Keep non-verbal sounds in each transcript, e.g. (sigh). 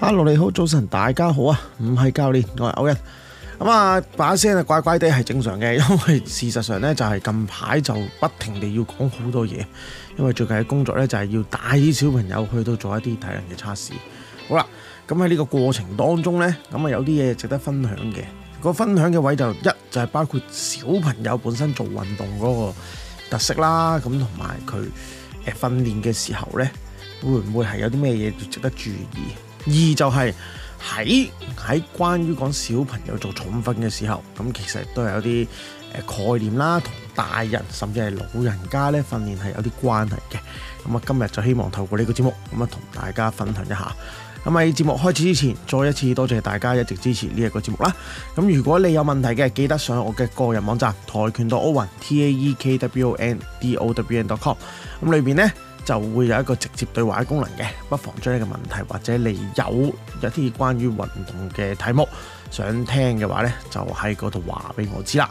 Hello，你好，早晨，大家好啊！唔係教練，我係 Owen 咁啊，把聲啊，乖乖地係正常嘅，因為事實上咧就係、是、近排就不停地要講好多嘢，因為最近嘅工作咧就係、是、要帶啲小朋友去到做一啲體能嘅測試。好啦，咁喺呢個過程當中咧，咁啊有啲嘢值得分享嘅、個分享嘅位就一就係、是、包括小朋友本身做運動嗰個特色啦，咁同埋佢誒訓練嘅時候咧會唔會係有啲咩嘢值得注意？二就係喺喺關於講小朋友做重訓嘅時候，咁其實都有啲概念啦，同大人甚至係老人家咧訓練係有啲關係嘅。咁啊，今日就希望透過呢個節目咁啊，同大家分享一下。咁喺節目開始之前，再一次多謝大家一直支持呢一個節目啦。咁如果你有問題嘅，記得上我嘅個人網站跆拳道奧運 taekwondowen.com 咁裏邊呢，就會有一個直接對話嘅功能嘅，不妨將你嘅問題或者你有一啲關於運動嘅題目想聽嘅話呢就喺嗰度話俾我知啦。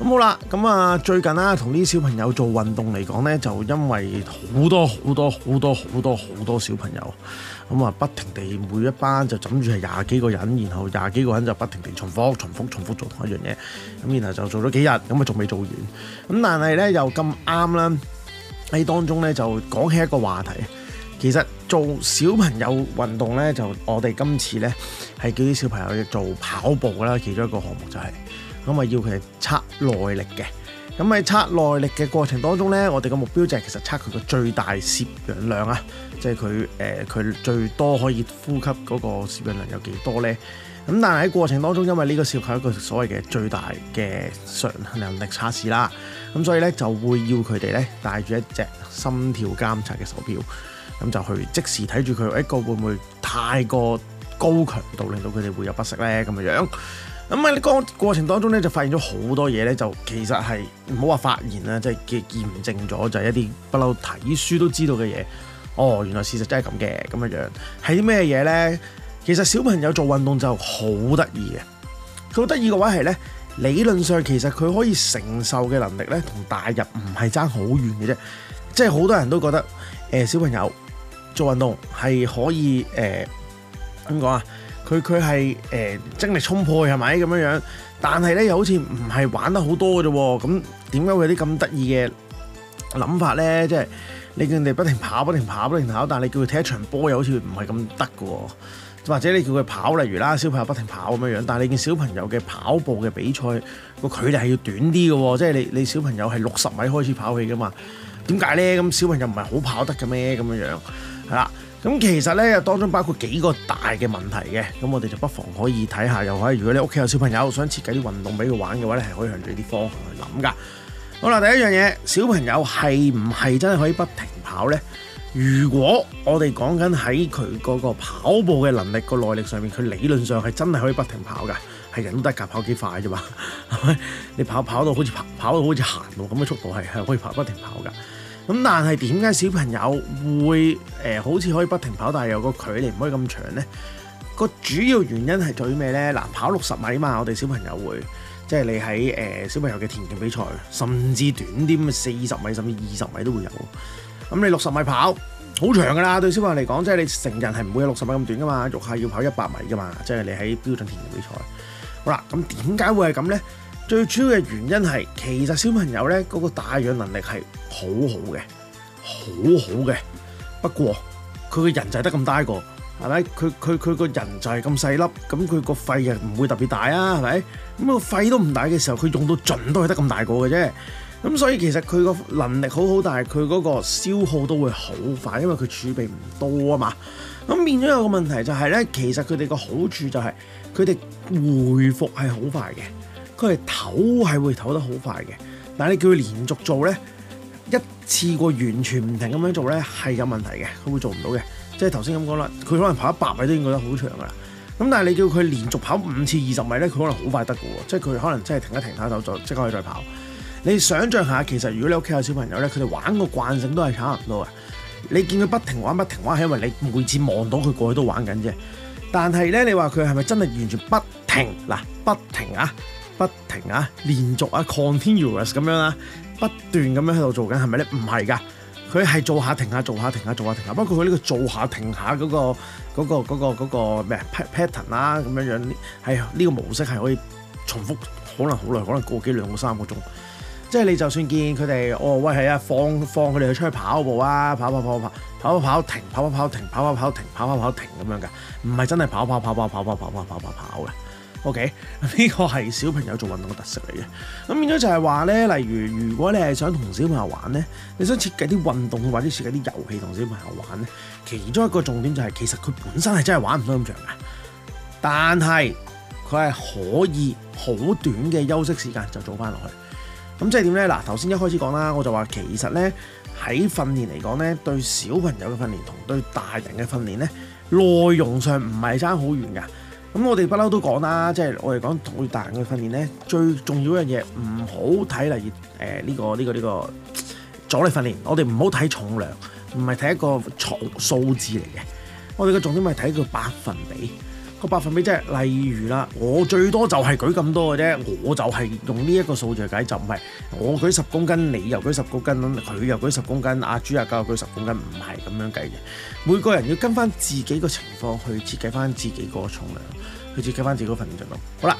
咁、嗯、好啦，咁、嗯、啊最近啦、啊，同啲小朋友做運動嚟講呢就因為好多好多好多好多好多小朋友，咁、嗯、啊不停地每一班就枕住係廿幾個人，然後廿幾個人就不停地重複重複重複，重複做同一樣嘢，咁、嗯、然後就做咗幾日，咁啊仲未做完，咁、嗯、但係呢，又咁啱啦。喺當中咧就講起一個話題，其實做小朋友運動咧就我哋今次咧係叫啲小朋友去做跑步啦，其中一個項目就係咁啊，要佢測耐力嘅。咁喺測耐力嘅過程當中咧，我哋嘅目標就係其實測佢嘅最大攝氧量啊，即係佢誒佢最多可以呼吸嗰個攝氧量有幾多咧？咁但係喺過程當中，因為呢個涉及一個所謂嘅最大嘅常能力測試啦。咁所以咧，就會要佢哋咧帶住一隻心跳監察嘅手錶，咁就去即時睇住佢一個會唔會太過高強度，令到佢哋會有不適咧咁嘅樣。咁喺呢個過程當中咧，就發現咗好多嘢咧，就其實係唔好話發現啦，即係嘅驗證咗就係一啲不嬲睇書都知道嘅嘢。哦，原來事實真係咁嘅咁嘅樣。係啲咩嘢咧？其實小朋友做運動就好得意嘅，佢好得意嘅話係咧。理論上其實佢可以承受嘅能力咧，同大人唔係爭好遠嘅啫。即係好多人都覺得，誒、呃、小朋友做運動係可以誒點講啊？佢佢係誒精力充沛係咪咁樣樣？但係咧又好似唔係玩得好多嘅啫、啊。咁點解會有啲咁得意嘅諗法咧？即係你叫人哋不停跑不停跑不停跑，但係你叫佢踢一場波又好似唔係咁得嘅喎。或者你叫佢跑，例如啦，小朋友不停跑咁樣樣，但係你見小朋友嘅跑步嘅比賽個距離係要短啲嘅喎，即係你你小朋友係六十米開始跑起噶嘛？點解呢？咁小朋友唔係好跑得嘅咩？咁樣樣係啦。咁其實呢，當中包括幾個大嘅問題嘅。咁我哋就不妨可以睇下，又可以如果你屋企有小朋友想設計啲運動俾佢玩嘅話呢，係可以向住啲方向去諗㗎。好啦，第一樣嘢，小朋友係唔係真係可以不停跑呢？如果我哋講緊喺佢嗰個跑步嘅能力、個耐力上面，佢理論上係真係可以不停跑㗎，係人都得噶，跑幾快啫嘛，係咪？你跑跑到好似跑跑到好似行路咁嘅速度，係係可以跑不停跑噶。咁但係點解小朋友會、呃、好似可以不停跑，但係有個距離唔可以咁長呢？個主要原因係在咩呢？嗱、呃，跑六十米嘛，我哋小朋友會即係、就是、你喺、呃、小朋友嘅田徑比賽，甚至短啲四十米，甚至二十米都會有。咁你六十米跑好長噶啦，對小朋友嚟講，即係你成人係唔會有六十米咁短噶嘛，肉下要跑一百米噶嘛，即係你喺標準田徑比賽。好啦，咁點解會係咁咧？最主要嘅原因係，其實小朋友咧嗰個帶氧能力係好好嘅，好好嘅。不過佢個人就係得咁大個，係咪？佢佢佢個人就係咁細粒，咁佢個肺又唔會特別大啊，係咪？咁個肺都唔大嘅時候，佢用到盡都係得咁大個嘅啫。咁所以其實佢個能力好好，但係佢嗰個消耗都會好快，因為佢儲備唔多啊嘛。咁變咗有個問題就係咧，其實佢哋個好處就係佢哋回復係好快嘅，佢係唞係會唞得好快嘅。但係你叫佢連續做咧，一次過完全唔停咁樣做咧係有問題嘅，佢會做唔到嘅。即係頭先咁講啦，佢可能跑一百米都已經覺得好長噶啦。咁但係你叫佢連續跑五次二十米咧，佢可能好快得㗎喎，即係佢可能真係停一停，下手就即刻可以再跑。你想象下，其實如果你屋企有小朋友咧，佢哋玩個慣性都係差唔多嘅。你見佢不停玩不停玩，係因為你每次望到佢過去都玩緊啫。但係咧，你話佢係咪真係完全不停嗱不停啊不停啊連續啊 continuous 咁樣啊不斷咁樣喺度做緊係咪咧？唔係㗎，佢係做下停下做下停下做下停下。包括佢呢個做下停下嗰個嗰個嗰個嗰個咩 pattern 啦咁樣樣，係呢個模式係可以重複可能好耐，可能個幾兩個三個鐘。即係你就算見佢哋哦喂，係啊，放放佢哋去出去跑步啊，跑跑跑跑跑，停跑跑跑跑停跑跑跑停跑跑跑停跑跑停跑，跑停咁樣㗎，唔係真係跑跑跑跑跑跑跑跑跑跑嘅。OK，呢個係小朋友做運動嘅特色嚟嘅。咁變咗就係話咧，例如如果你係想同小朋友玩咧，你想設計啲運動或者設計啲遊戲同小朋友玩咧，其中一個重點就係其實佢本身係真係玩唔到咁長㗎，但係佢係可以好短嘅休息時間就做翻落去。咁即係點咧？嗱，頭先一開始講啦，我就話其實咧，喺訓練嚟講咧，對小朋友嘅訓練同對大人嘅訓練咧，內容上唔係差好遠噶。咁我哋不嬲都講啦，即係我哋講對大人嘅訓練咧，最重要一樣嘢，唔好睇嚟誒，呢個呢個呢個阻力訓練，我哋唔好睇重量，唔係睇一個重數字嚟嘅，我哋嘅重點係睇個百分比。嗰個百分比即係，例如啦，我最多就係舉咁多嘅啫，我就係用呢一個數字嚟計，就唔係我舉十公斤，你又舉十公斤，佢又舉十公斤，阿豬阿狗又舉十公斤，唔係咁樣計嘅。每個人要跟翻自己個情況去設計翻自己個重量，去設計翻自己嗰份進度。好啦，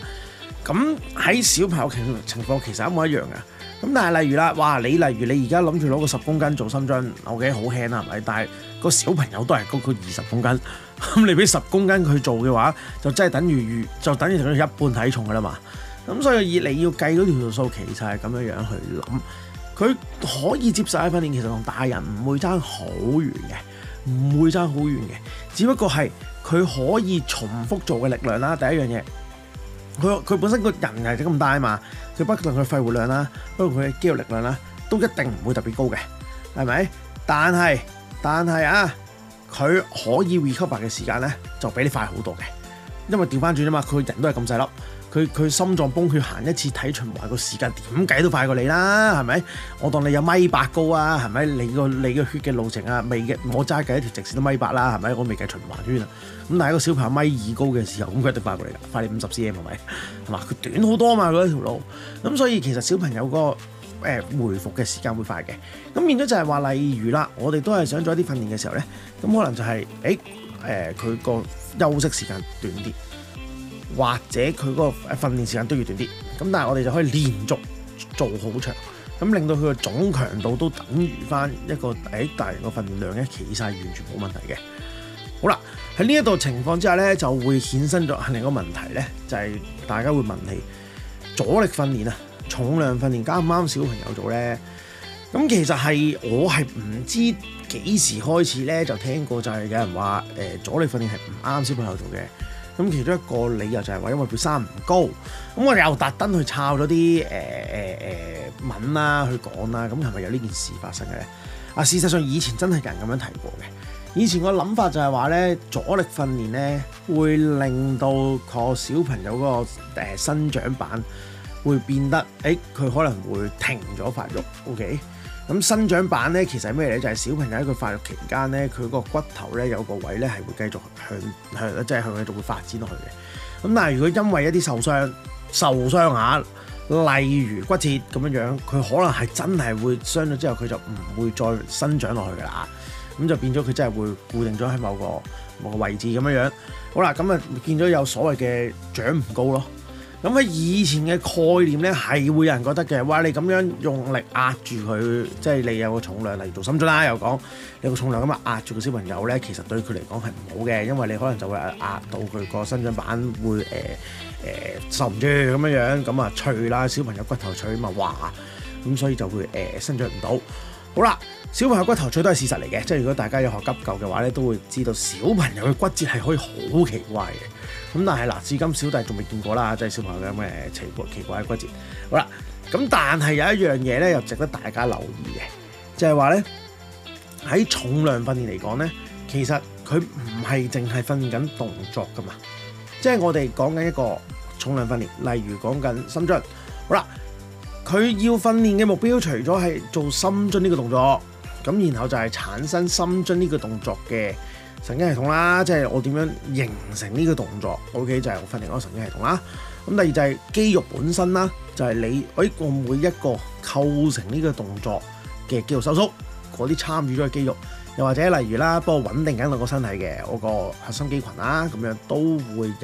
咁喺小朋友情情況其實一模一樣嘅。咁但係例如啦，哇，你例如你而家諗住攞個十公斤做深蹲，我覺得好輕啦，係咪？但係個小朋友都係高高二十公斤。咁 (laughs) 你俾十公斤佢做嘅話，就真係等於就等於成咗一半體重噶啦嘛。咁所以以你要計嗰條數，其實係咁樣樣去諗。佢可以接受喺訓練，其實同大人唔會爭好遠嘅，唔會爭好遠嘅。只不過係佢可以重複做嘅力量啦，第一樣嘢。佢佢本身個人係咁大啊嘛，佢不論佢肺活量啦，不過佢肌肉力量啦，都一定唔會特別高嘅，係咪？但係但係啊！佢可以 recover 嘅時間咧，就比你快好多嘅，因為調翻轉吖嘛，佢人都係咁細粒，佢佢心臟泵血行一次體循環個時間點計都快過你啦，係咪？我當你有米八高啊，係咪？你個你個血嘅路程啊，未嘅我齋計一條直線都米八啦，係咪？我未計循環圈啊，咁但係個小朋友米二高嘅時候，咁佢一定快過你噶，快你五十 cm 係咪？係嘛，佢短好多嘛嗰條路，咁所以其實小朋友個誒回復嘅時間會快嘅，咁變咗就係話，例如啦，我哋都係想做一啲訓練嘅時候咧，咁可能就係誒誒佢個休息時間短啲，或者佢個訓練時間都要短啲，咁但係我哋就可以連續做好長，咁令到佢個總強度都等於翻一個誒大人個訓練量咧，其實係完全冇問題嘅。好啦，喺呢一度情況之下咧，就會衍生咗另一個問題咧，就係大家會問你阻力訓練啊。重量訓練啱唔啱小朋友做咧？咁其實係我係唔知幾時開始咧就聽過，就係有人話誒、呃、阻力訓練係唔啱小朋友做嘅。咁其中一個理由就係話因為佢生唔高。咁我哋又特登去抄咗啲誒誒誒文啦、啊、去講啦。咁係咪有呢件事發生嘅咧？啊，事實上以前真係有人咁樣提過嘅。以前個諗法就係話咧，阻力訓練咧會令到個小朋友嗰、那個誒、呃、生長板。會變得，誒、欸，佢可能會停咗發育，OK？咁生長板咧，其實係咩咧？就係、是、小朋友喺佢發育期間咧，佢個骨頭咧有個位咧係會繼續向、就是、向，即係向佢仲會發展落去嘅。咁但係如果因為一啲受傷，受傷下、啊，例如骨折咁樣樣，佢可能係真係會傷咗之後，佢就唔會再生長落去㗎啦。咁就變咗佢真係會固定咗喺某個某個位置咁樣樣。好啦，咁啊見咗有所謂嘅長唔高咯。咁喺以前嘅概念咧，係會有人覺得嘅，哇！你咁樣用力壓住佢，即係你有個重量嚟做伸展啦，又講你有個重量咁啊壓住個小朋友咧，其實對佢嚟講係唔好嘅，因為你可能就會壓到佢個生長板會誒誒、呃呃、受唔住咁樣樣，咁啊脆啦，小朋友骨頭脆嘛，哇咁所以就會誒生長唔到。好啦，小朋友骨頭脆都係事實嚟嘅，即係如果大家要學急救嘅話咧，都會知道小朋友嘅骨折係可以好奇怪嘅。咁但係嗱至今小弟仲未見過啦，即係小朋友有咩奇怪奇怪嘅骨折。好啦，咁但係有一樣嘢咧，又值得大家留意嘅，就係話咧喺重量訓練嚟講咧，其實佢唔係淨係訓練緊動作噶嘛，即係我哋講緊一個重量訓練，例如講緊深蹲。好啦，佢要訓練嘅目標除咗係做深蹲呢個動作，咁然後就係產生深蹲呢個動作嘅。神經系統啦，即係我點樣形成呢個動作？OK，就係我訓練嗰個神經系統啦。咁第二就係、是、肌肉本身啦，就係、是、你可以我每一個構成呢個動作嘅肌肉收縮，嗰啲參與咗嘅肌肉，又或者例如啦，幫我穩定緊我個身體嘅我個核心肌群啦，咁樣都會有誒、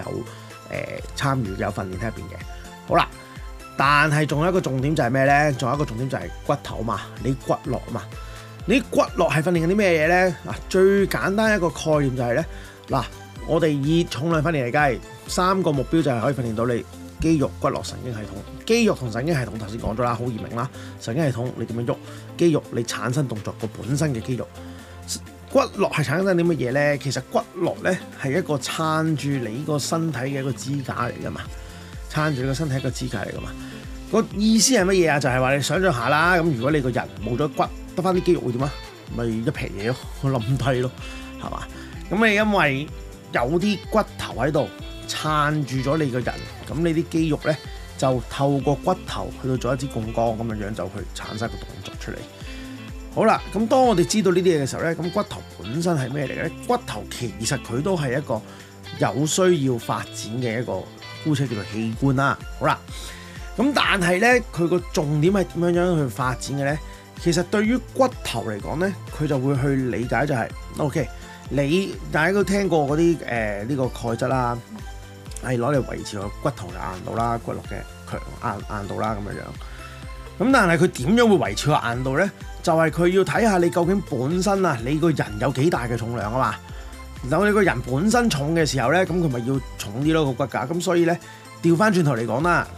呃、參與有訓練喺入邊嘅。好啦，但係仲有一個重點就係咩咧？仲有一個重點就係骨頭嘛，你骨骼啊嘛。你骨骼係訓練緊啲咩嘢咧？嗱，最簡單一個概念就係咧，嗱，我哋以重量訓練嚟計，三個目標就係可以訓練到你肌肉、骨骼、神經系統。肌肉同神經系統頭先講咗啦，好易明啦。神經系統你點樣喐？肌肉你產生動作個本身嘅肌肉，骨骼係產生啲乜嘢咧？其實骨骼咧係一個撐住你個身體嘅一個支架嚟噶嘛，撐住你個身體一個支架嚟噶嘛。個意思係乜嘢啊？就係話你想象下啦，咁如果你個人冇咗骨。得翻啲肌肉會點啊？咪一撇嘢咯，我冧低咯，係嘛？咁你因為有啲骨頭喺度撐住咗你個人，咁你啲肌肉咧就透過骨頭去到做一支槓桿咁樣樣，就去產生一個動作出嚟。好啦，咁當我哋知道呢啲嘢嘅時候咧，咁骨頭本身係咩嚟嘅咧？骨頭其實佢都係一個有需要發展嘅一個姑且叫做器官啦。好啦，咁但係咧，佢個重點係點樣樣去發展嘅咧？其實對於骨頭嚟講咧，佢就會去理解就係、是、，OK，你大家都聽過嗰啲誒呢個鈣質啦，係攞嚟維持個骨頭嘅硬度啦、骨骼嘅強硬硬度啦咁樣樣。咁但係佢點樣會維持個硬度咧？就係、是、佢要睇下你究竟本身啊，你個人有幾大嘅重量啊嘛。咁你個人本身重嘅時候咧，咁佢咪要重啲咯個骨架。咁所以咧，調翻轉頭嚟講啦。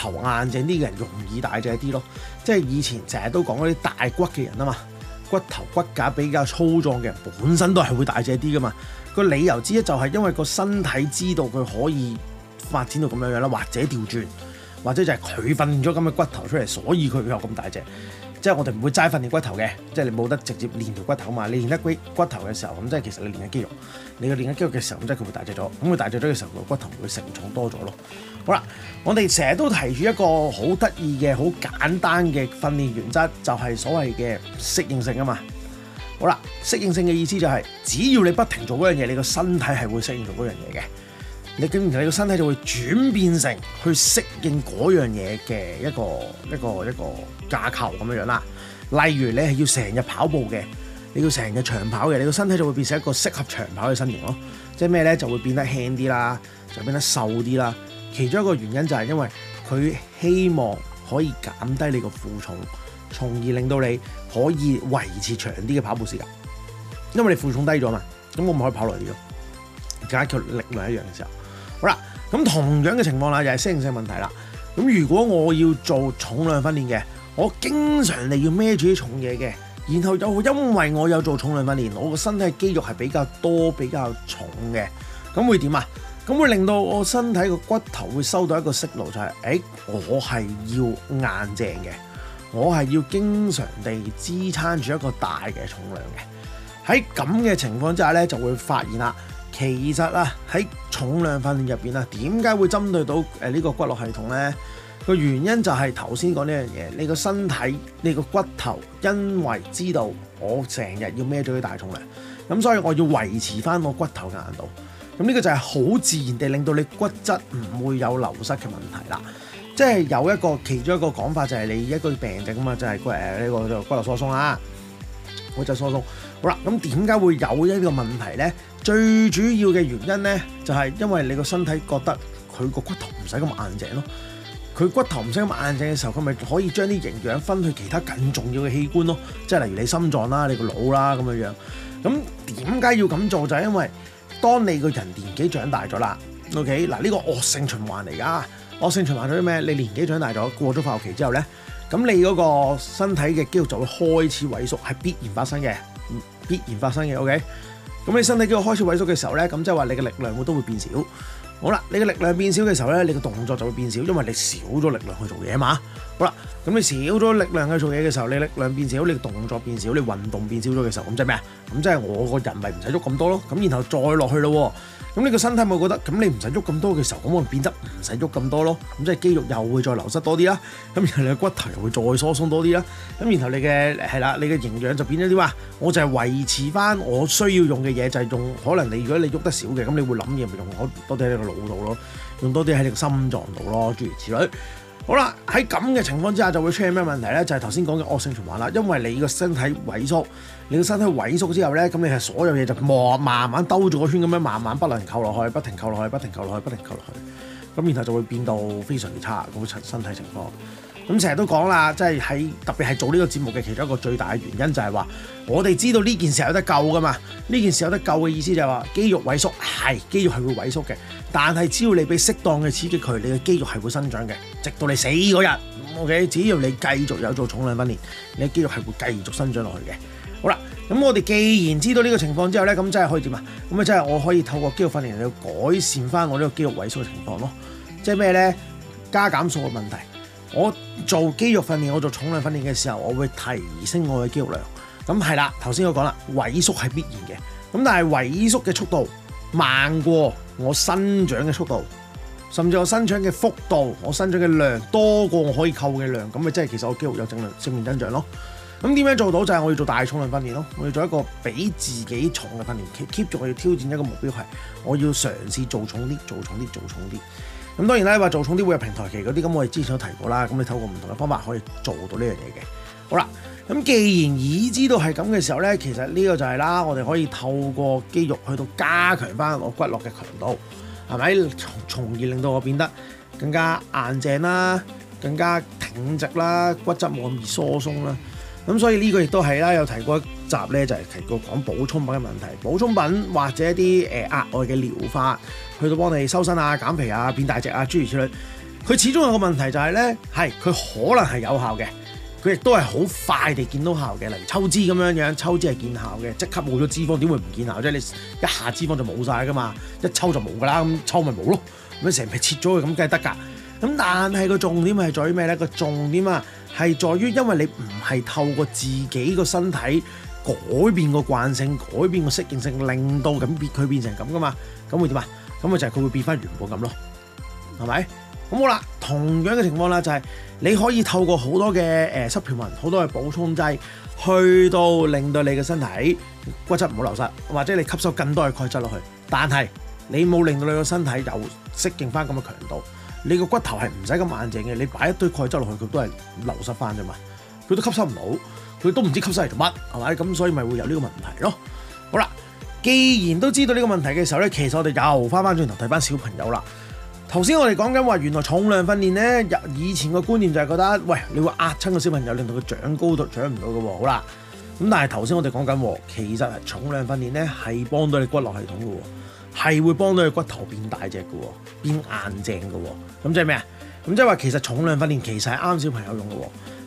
頭硬淨啲嘅人容易大隻啲咯，即係以前成日都講嗰啲大骨嘅人啊嘛，骨頭骨架比較粗壯嘅人本身都係會大隻啲噶嘛，個理由之一就係因為個身體知道佢可以發展到咁樣樣啦，或者調轉，或者就係佢訓練咗咁嘅骨頭出嚟，所以佢有咁大隻。即係我哋唔會齋訓練骨頭嘅，即係你冇得直接練條骨頭嘛。你練得鬼骨頭嘅時候，咁即係其實你練緊肌肉。你要練緊肌肉嘅時候，咁即係佢會大隻咗。咁佢大隻咗嘅時候，個骨頭會承重多咗咯。好啦，我哋成日都提住一個好得意嘅、好簡單嘅訓練原則，就係所謂嘅適應性啊嘛。好啦，適應性嘅意思就係只要你不停做嗰樣嘢，你個身體係會適應做嗰樣嘢嘅。你嘅唔同，你個身體就會轉變成去適應嗰樣嘢嘅一個一個一個架構咁樣樣啦。例如你係要成日跑步嘅，你要成日長跑嘅，你個身體就會變成一個適合長跑嘅身形咯。即係咩咧？就會變得輕啲啦，就變得瘦啲啦。其中一個原因就係因為佢希望可以減低你個負重，從而令到你可以維持長啲嘅跑步時間。因為你負重低咗嘛，咁我咪可以跑耐啲咯。解決力量一樣嘅時候。好啦，咁同樣嘅情況啦，就係適應性問題啦。咁如果我要做重量訓練嘅，我經常地要孭住啲重嘢嘅，然後又因為我有做重量訓練，我個身體肌肉係比較多、比較重嘅，咁會點啊？咁會令到我身體個骨頭會收到一個訊號，就係，就係，誒，我係要硬正嘅，我係要經常地支撐住一個大嘅重量嘅。喺咁嘅情況之下咧，就會發現啦。其實啊，喺重量訓練入邊啊，點解會針對到誒呢個骨骼系統咧？個原因就係頭先講呢樣嘢，你個身體、你個骨頭，因為知道我成日要孭咗啲大重量，咁所以我要維持翻我骨頭嘅硬度。咁呢個就係好自然地令到你骨質唔會有流失嘅問題啦。即係有一個其中一個講法就係你一個病症吖嘛，就係誒呢個骨骼疏鬆啊，我就疏鬆。好啦，咁點解會有一個問題咧？最主要嘅原因咧，就係因為你個身體覺得佢個骨頭唔使咁硬淨咯，佢骨頭唔使咁硬淨嘅時候，佢咪可以將啲營養分去其他更重要嘅器官咯，即係例如你心臟啦、你個腦啦咁樣樣。咁點解要咁做就係因為當你個人年紀長大咗啦，OK 嗱呢個惡性循環嚟噶，惡性循環咗啲咩？你年紀長大咗，過咗發育期之後咧，咁你嗰個身體嘅肌肉就會開始萎縮，係必然發生嘅，必然發生嘅，OK。咁你身體肌肉開始萎縮嘅時候咧，咁即係話你嘅力量會都會變少。好啦，你嘅力量變少嘅時候咧，你嘅動作就會變少，因為你少咗力量去做嘢嘛。好啦，咁你少咗力量去做嘢嘅時候，你力量變少，你嘅動作變少，你運動變少咗嘅時候，咁即係咩啊？咁即係我個人咪唔使喐咁多咯。咁然後再落去咯。咁你個身體，咪會覺得咁你唔使喐咁多嘅時候，咁我變得唔使喐咁多咯，咁即係肌肉又會再流失多啲啦，咁然後你嘅骨頭又會再疏鬆多啲啦，咁然後你嘅係啦，你嘅營養就變咗啲啊？我就係維持翻我需要用嘅嘢，就係、是、用可能你如果你喐得少嘅，咁你會諗嘢咪用我多啲喺你個腦度咯，用多啲喺你個心臟度咯，諸如此類。好啦，喺咁嘅情況之下就會出現咩問題咧？就係頭先講嘅惡性循環啦。因為你個身體萎縮，你個身體萎縮之後咧，咁你係所有嘢就慢慢慢兜住個圈咁樣，慢慢不能扣落去，不停扣落去，不停扣落去，不停扣落去，咁然後就會變到非常之差咁、嗰個身身體情況。咁成日都講啦，即係喺特別係做呢個節目嘅其中一個最大嘅原因就係話，我哋知道呢件事有得救噶嘛？呢件事有得救嘅意思就係話，肌肉萎縮係肌肉係會萎縮嘅，但係只要你俾適當嘅刺激佢，你嘅肌肉係會生長嘅，直到你死嗰日。OK，只要你繼續有做重量訓練，你嘅肌肉係會繼續生長落去嘅。好啦，咁我哋既然知道呢個情況之後咧，咁真係可以點啊？咁啊，真係我可以透過肌肉訓練嚟到改善翻我呢個肌肉萎縮嘅情況咯。即係咩咧？加減數嘅問題。我做肌肉訓練，我做重量訓練嘅時候，我會提升我嘅肌肉量。咁係啦，頭先我講啦，萎縮係必然嘅。咁但係萎縮嘅速度慢過我生長嘅速度，甚至我生長嘅幅度，我生長嘅量多過我可以扣嘅量。咁咪即係其實我肌肉有正量正面增長咯。咁點樣做到？就係我要做大重量訓練咯。我要做一個比自己重嘅訓練，keep 住我要挑戰一個目標係，我要嘗試做重啲，做重啲，做重啲。咁當然啦，話做重啲會有平台期嗰啲，咁我哋之前所提過啦。咁你透過唔同嘅方法可以做到呢樣嘢嘅。好啦，咁既然已知道係咁嘅時候咧，其實呢個就係啦，我哋可以透過肌肉去到加強翻我骨骼嘅強度，係咪從從而令到我變得更加硬淨啦，更加挺直啦，骨質冇咁易疏鬆啦。咁所以呢個亦都係啦，有提過一集咧，就係、是、提過講補充品嘅問題。補充品或者一啲誒額外嘅療法，去到幫你修身啊、減肥啊、變大隻啊諸如此類。佢始終有個問題就係、是、咧，係佢可能係有效嘅，佢亦都係好快地見到效嘅，例如抽脂咁樣樣，抽脂係見效嘅，即刻冇咗脂肪點會唔見效？即係你一下脂肪就冇晒噶嘛，一抽就冇噶啦，咁抽咪冇咯，咁成日切咗佢咁梗係得㗎。咁但係個重點係在於咩咧？個重點啊！係在於，因為你唔係透過自己個身體改變個慣性、改變個適應性，令到咁變佢變成咁噶嘛，咁會點啊？咁咪就係佢會變翻原本咁咯，係咪？咁好啦，同樣嘅情況啦，就係你可以透過好多嘅誒濕片粉、好多嘅補充劑，去到令到你嘅身體骨質唔好流失，或者你吸收更多嘅鈣質落去，但係你冇令到你個身體有適應翻咁嘅強度。你個骨頭係唔使咁硬淨嘅，你擺一堆鈣質落去，佢都係流失翻啫嘛，佢都吸收唔到，佢都唔知吸收嚟做乜，係咪？咁所以咪會有呢個問題咯。好啦，既然都知道呢個問題嘅時候咧，其實我哋又翻返轉頭睇翻小朋友啦。頭先我哋講緊話，原來重量訓練咧，以前個觀念就係覺得，喂，你會壓親個小朋友，令到佢長高都長唔到嘅喎。好啦，咁但係頭先我哋講緊，其實係重量訓練咧，係幫到你骨骼系統嘅喎。係會幫到佢骨頭變大隻嘅，變硬淨嘅，咁即係咩啊？咁即係話其實重量訓練其實係啱小朋友用嘅，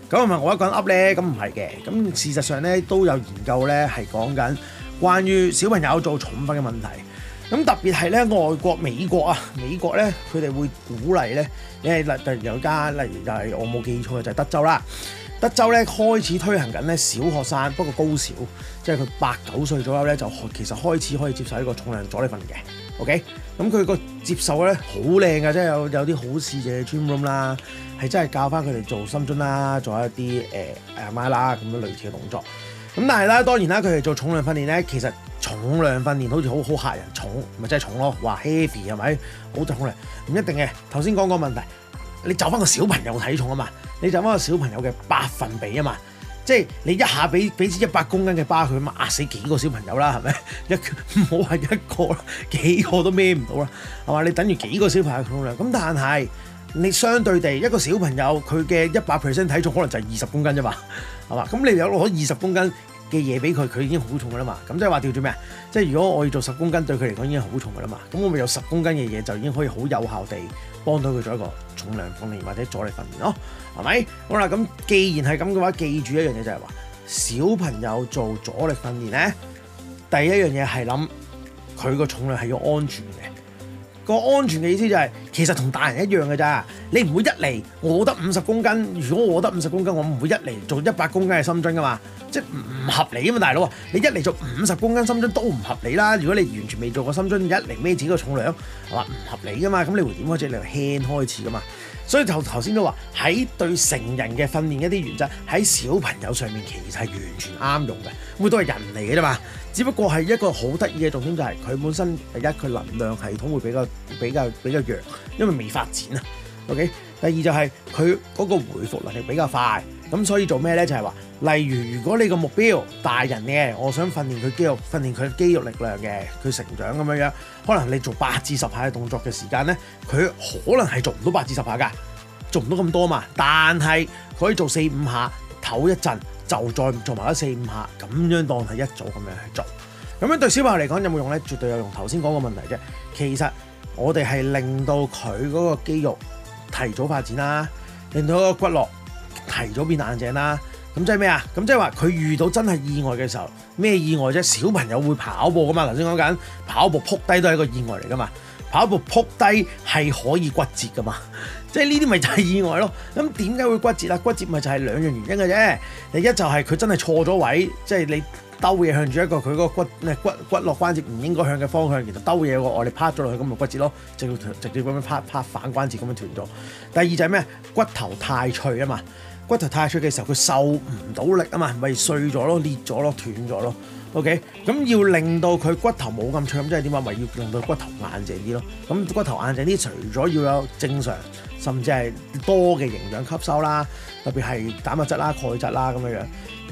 咁係咪我一個人 up 咧？咁唔係嘅，咁事實上咧都有研究咧係講緊關於小朋友做重訓嘅問題，咁特別係咧外國美國啊，美國咧佢哋會鼓勵咧，誒例有間例如就係我冇記錯嘅就係德州啦。德州咧開始推行緊咧小學生，不過高小，即係佢八九歲左右咧就其實開始可以接受呢個重量阻力訓練嘅。OK，咁佢個接受咧好靚㗎，即係有有啲好似嘅 dream room 啦，係真係教翻佢哋做深蹲啦，做一啲誒誒拉咁樣類似嘅動作。咁但係啦，當然啦，佢哋做重量訓練咧，其實重量訓練好似好好嚇人重，即係重咪真係重咯，話 heavy 係咪？好重量唔一定嘅。頭先講個問題。你就翻個小朋友體重啊嘛，你就翻個小朋友嘅百分比啊嘛，即係你一下俾俾支一百公斤嘅巴佢，壓死幾個小朋友啦，係咪？一唔好話一個，幾個都孭唔到啦，係嘛？你等於幾個小朋友嘅重量？咁但係你相對地一個小朋友佢嘅一百 percent 體重可能就係二十公斤啫嘛，係嘛？咁你有攞二十公斤嘅嘢俾佢，佢已經好重噶啦嘛，咁即係話吊住咩啊？即係如果我要做十公斤，對佢嚟講已經好重噶啦嘛，咁我咪有十公斤嘅嘢就已經可以好有效地幫到佢做一個重量訓練或者阻力訓練咯，係咪？好啦，咁既然係咁嘅話，記住一樣嘢就係話，小朋友做阻力訓練咧，第一樣嘢係諗佢個重量係要安全嘅。個安全嘅意思就係、是，其實同大人一樣嘅咋，你唔會一嚟我得五十公斤，如果我得五十公斤，我唔會一嚟做一百公斤嘅深蹲噶嘛，即係唔合理啊嘛，大佬，你一嚟做五十公斤深蹲都唔合理啦，如果你完全未做過深蹲，一嚟孭自己個重量係嘛唔合理噶嘛，咁你會點開始？你由輕開始噶嘛，所以頭頭先都話喺對成人嘅訓練一啲原則喺小朋友上面其實係完全啱用嘅，因為都係人嚟嘅啫嘛。只不過係一個好得意嘅重點，就係佢本身第一，佢能量系統會比較比較比較弱，因為未發展啊。OK，第二就係佢嗰個回復能力比較快，咁所以做咩咧？就係話，例如如果你個目標大人嘅，我想訓練佢肌肉，訓練佢肌肉力量嘅，佢成長咁樣樣，可能你做八至十下嘅動作嘅時間咧，佢可能係做唔到八至十下噶，做唔到咁多嘛。但係可以做四五下，唞一陣。就再做埋一四五下，咁樣當係一組咁樣去做。咁樣對小朋友嚟講有冇用呢？絕對有用。頭先講個問題啫。其實我哋係令到佢嗰個肌肉提早發展啦，令到個骨骼提早變硬淨啦。咁即係咩啊？咁即係話佢遇到真係意外嘅時候，咩意外啫？小朋友會跑步噶嘛？頭先講緊跑步撲低都係一個意外嚟噶嘛？跑步撲低係可以骨折噶嘛？即係呢啲咪就係意外咯。咁點解會骨折啊？骨折咪就係兩樣原因嘅啫。第一就係佢真係錯咗位，即係你兜嘢向住一個佢個骨咩骨骨落關節唔應該向嘅方向，然後兜嘢喎，我哋趴咗落去咁咪骨折咯，直接直接咁樣趴趴反關節咁樣斷咗。第二就係咩？骨頭太脆啊嘛，骨頭太脆嘅時候佢受唔到力啊嘛，咪碎咗咯、裂咗咯、斷咗咯。O K，咁要令到佢骨頭冇咁脆，即係點啊？咪要令到骨頭硬淨啲咯。咁骨頭硬淨啲，除咗要有正常，甚至係多嘅營養吸收啦，特別係蛋白質啦、鈣質啦咁樣樣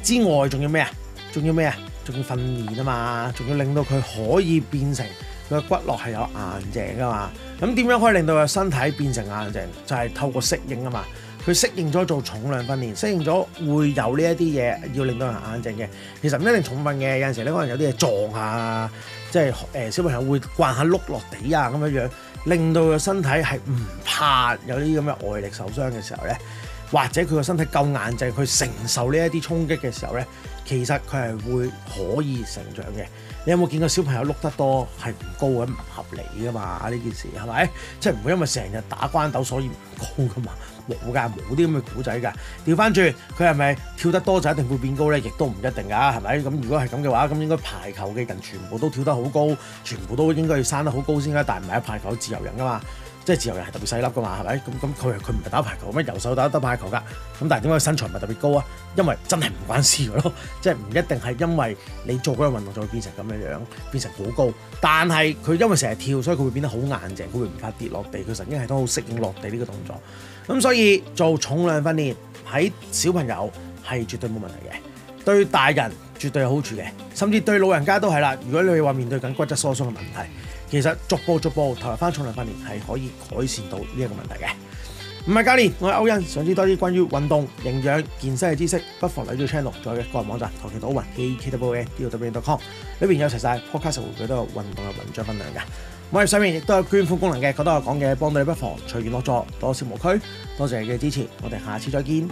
之外，仲要咩啊？仲要咩啊？仲要訓練啊嘛，仲要令到佢可以變成佢嘅骨骼係有硬淨噶嘛。咁點樣可以令到佢身體變成硬淨？就係透過適應啊嘛。佢適應咗做重量訓練，適應咗會有呢一啲嘢要令到人硬淨嘅。其實唔一定重訓嘅，有陣時咧可能有啲嘢撞下，即係誒小朋友會慣下碌落地啊咁樣樣，令到個身體係唔怕有啲咁嘅外力受傷嘅時候咧。或者佢個身體夠硬淨，去、就係、承受呢一啲衝擊嘅時候咧，其實佢係會可以成長嘅。你有冇見過小朋友碌得多係唔高嘅？唔合理噶嘛呢件事係咪？即係唔會因為成日打關鬥所以唔高噶嘛？冇噶，冇啲咁嘅古仔噶。調翻轉佢係咪跳得多就一定會變高咧？亦都唔一定噶，係咪？咁如果係咁嘅話，咁應該排球嘅人全部都跳得好高，全部都應該要生得好高先㗎。但係唔係一排球自由人噶嘛？即係自由人係特別細粒噶嘛，係咪？咁咁佢佢唔係打排球，咩右手打得打排球噶？咁但係點解佢身材唔係特別高啊？因為真係唔關事咯，即係唔一定係因為你做嗰樣運動就會變成咁樣樣，變成好高。但係佢因為成日跳，所以佢會變得好硬淨，佢會唔怕跌落地。佢神經系統好適應落地呢個動作。咁所以做重量訓練喺小朋友係絕對冇問題嘅，對大人絕對有好處嘅，甚至對老人家都係啦。如果你話面對緊骨質疏鬆嘅問題，其實逐步逐步投入翻重量訓練，係可以改善到呢一個問題嘅。唔係教練，我係歐欣，想知多啲關於運動、營養、健身嘅知識，不妨嚟咗 channel 再嘅個人網站 taekwondowen dot com，裏邊有齊晒 podcast 回顧都有運動嘅文章分量嘅。網頁上面亦都有捐款功能嘅。覺得我講嘢幫到你，不妨隨緣樂助，多少無拘，多謝你嘅支持，我哋下次再見。